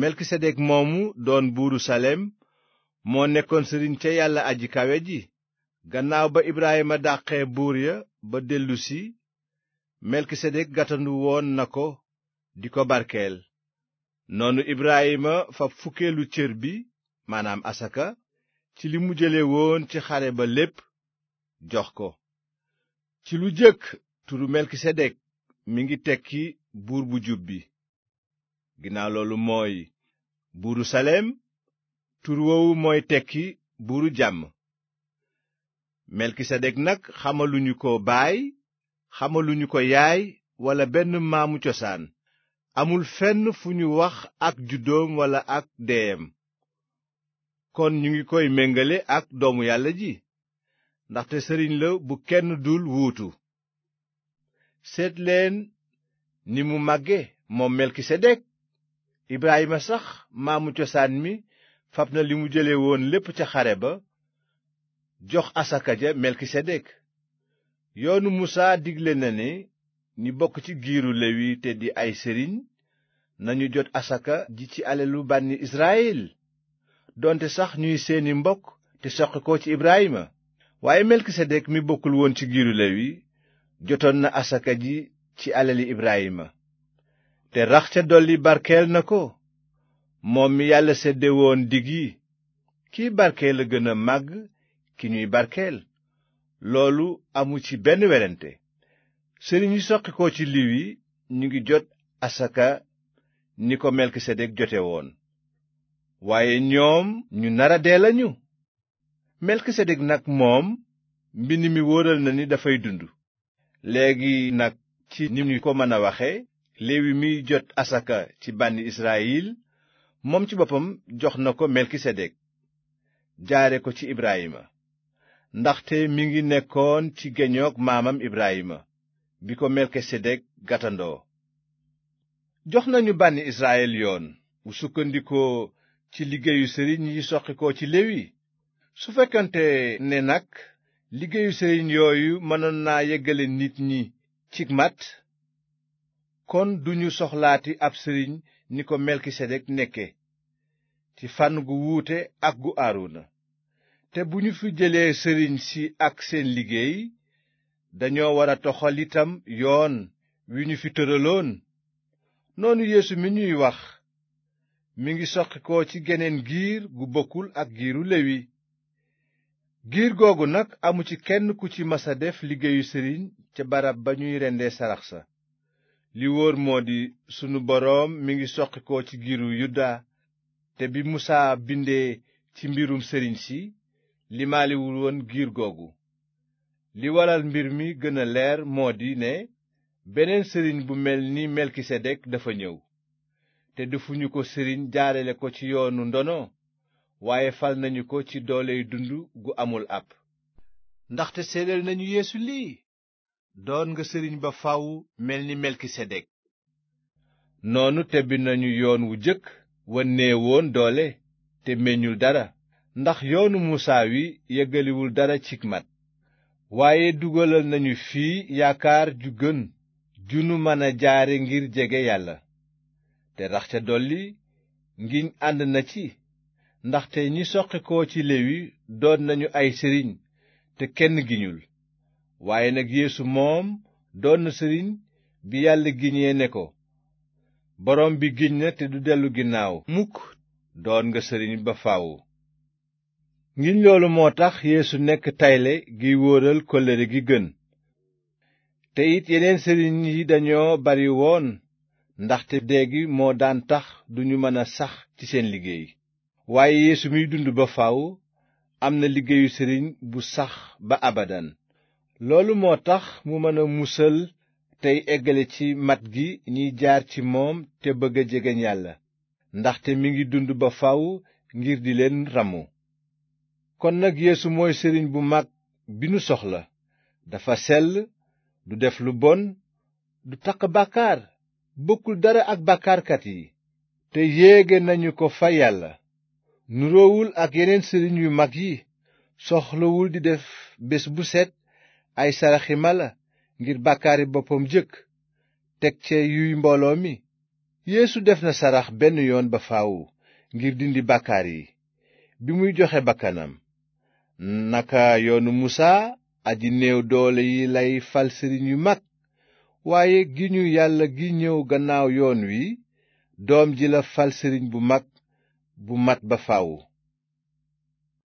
melkisedek moomu doon buuru salem moo nekkoon sëriñ ca yàlla aji kawe ji gannaaw ba ibraayima dàqee buur ya ba dellusi melkisedek gatandu woon na ko di ko barkeel noonu ibraayima fa fukkeelu cër bi maanaam asaka ci li mu jële woon ci xare ba lépp jox ko ci lu jëkk turu melkisedek mi ngi tekki buur bu jub bi ginnaaw loolu mooy buuru Salem tur woowu mooy tekki buuru jàmm melkisedek nag xamaluñu ko baay xamaluñu ko yaay walla benn maamu cosaan amul fenn fu ñu wax ak juddoom walla ak deeyam kon ñu ngi koy méngale ak doomu yàlla ji ndaxte sëriñ la bu kenn dul wuutu seet ni mu màgge moom melkisedek ibraayima sax maamu cosaan mi fab na li mu jële woon lépp ca xare ba jox asaka ja melkisedek yoonu musaa digle na ne ni bokk ci giiru lewi te di ay sëriñ nañu jot asaka ji ci alelu bànni israyil doonte sax ñuy seeni mbokk te soqi ko ci ibraayima waaye melkisedek mi bokkul woon ci giiru lewi jotoon na asaka ji ci aleli ibraayima te rax ca dolli barkeel na ko moom mi yàlla sedde woon dig yi kiy barkeel a gën a màgg ki ñuy barkeel loolu amu ci benn werante sëriñ soqikoo ci liw yi ñu ngi jot asaka ni ko melkisedek jote woon waaye ñoom ñu nara dee lañu melkisedek nag moom mbind mi wóoral na ni dafay dund léegi nag ci ni ñu ko mën a waxe léewi miy jot asaka ci bànni israyil moom ci boppam jox na ko melkisedek jaare ko ci ibrahima ndaxte mi ngi nekkoon ci geñoog maamam ibrahima bi ko melkisedek gàttandoo jox nañu bànni israyil yoon bu sukkandikoo ci liggéeyu sëriñ yi soqikoo ci léwi su fekkante ne nag liggéeyu sëriñ yooyu mënoon naa yeggale nit ñi ci mat kon duñu soxlaati ab sëriñ ni ko melkisedek nekke ci fànn gu wuute ak gu aaruna te bu ñu fi jëlee sëriñ si ak seen liggéey dañoo war a toxal itam yoon wi ñu fi tëraloon noonu yeesu mi ñuy wax mi ngi soqi ko ci geneen giir gu bokkul ak giiru lewi giir googu nag amu ci kenn ku ci masa def liggéeyu sëriñ ca barab ba ñuy rendee sarax sa li wóor moo di sunu boroom mi ngi soqi ko ci giiru yuda te bi musaa bindee ci mbirum sëriñ si limaaliwul woon giir googu li waral mbir mi gën a leer moo di ne beneen sëriñ bu mel ni melkisedek dafa ñëw te dëfuñu ko sëriñ jaarale ko ci yoonu ndono waaye fal nañu ko ci doole dund gu amul àpp ndaxte seedeel nañu yeesu lii doon nga sëriñ ba faw mel ni noonu tebbi nañu yoon wu jëkk wa néewoon doole te meññul dara ndax yoonu muusaa wi yeggaliwul dara cig mat waaye dugalal nañu fii yaakaar ju gën junu mën a jaare ngir jege yàlla te rax ca dolli ngiñ ànd na ci ndaxte ñi soqikoo ci lewi doon nañu ay sëriñ te kenn giñul waaye nag yeesu moom doon na sëriñ bi yàlla giñee ne ko boroom bi giñ na te du dellu ginnaaw mukk doon nga sëriñ ba faw ngiñ loolu moo tax yeesu nekk tayle giy wóoral kóllëre gi gën te it yeneen sëriñ yi dañoo bari woon ndaxte dee gi moo daan tax duñu mën a sax ci seen liggéey waaye yeesu miy dund ba faw am na liggéeyu sëriñ bu sax ba abadan loolu moo tax mu mën a musal tey eggale ci mat gi ñuy jaar ci moom te bëgg a jegeñ yàlla ndaxte mi ngi dund ba faw ngir di leen ramu kon nag yéesu mooy sëriñ bu mag bi nu soxla dafa sell du def lu bon du takk bàkkaar bokkul dara ak bàkkaarkat yi te yéege nañu ko fa yàlla nuroowul ak yeneen sëriñ yu mag yi soxlawul di def bés bu set ay saraxi mala ngir bàkkaari boppam jëkk teg ce yuy mbooloo mi yéesu def na sarax benn yoon ba faaw ngir dindi bàkkaar yi bi muy joxe bakkanam naka yoonu musaa aji néew doole yi lay fal sëriñ yu mag waaye gi ñu yàlla gi ñëw gannaaw yoon wi doom ji la fal sëriñ bu mag bu mat ba faaw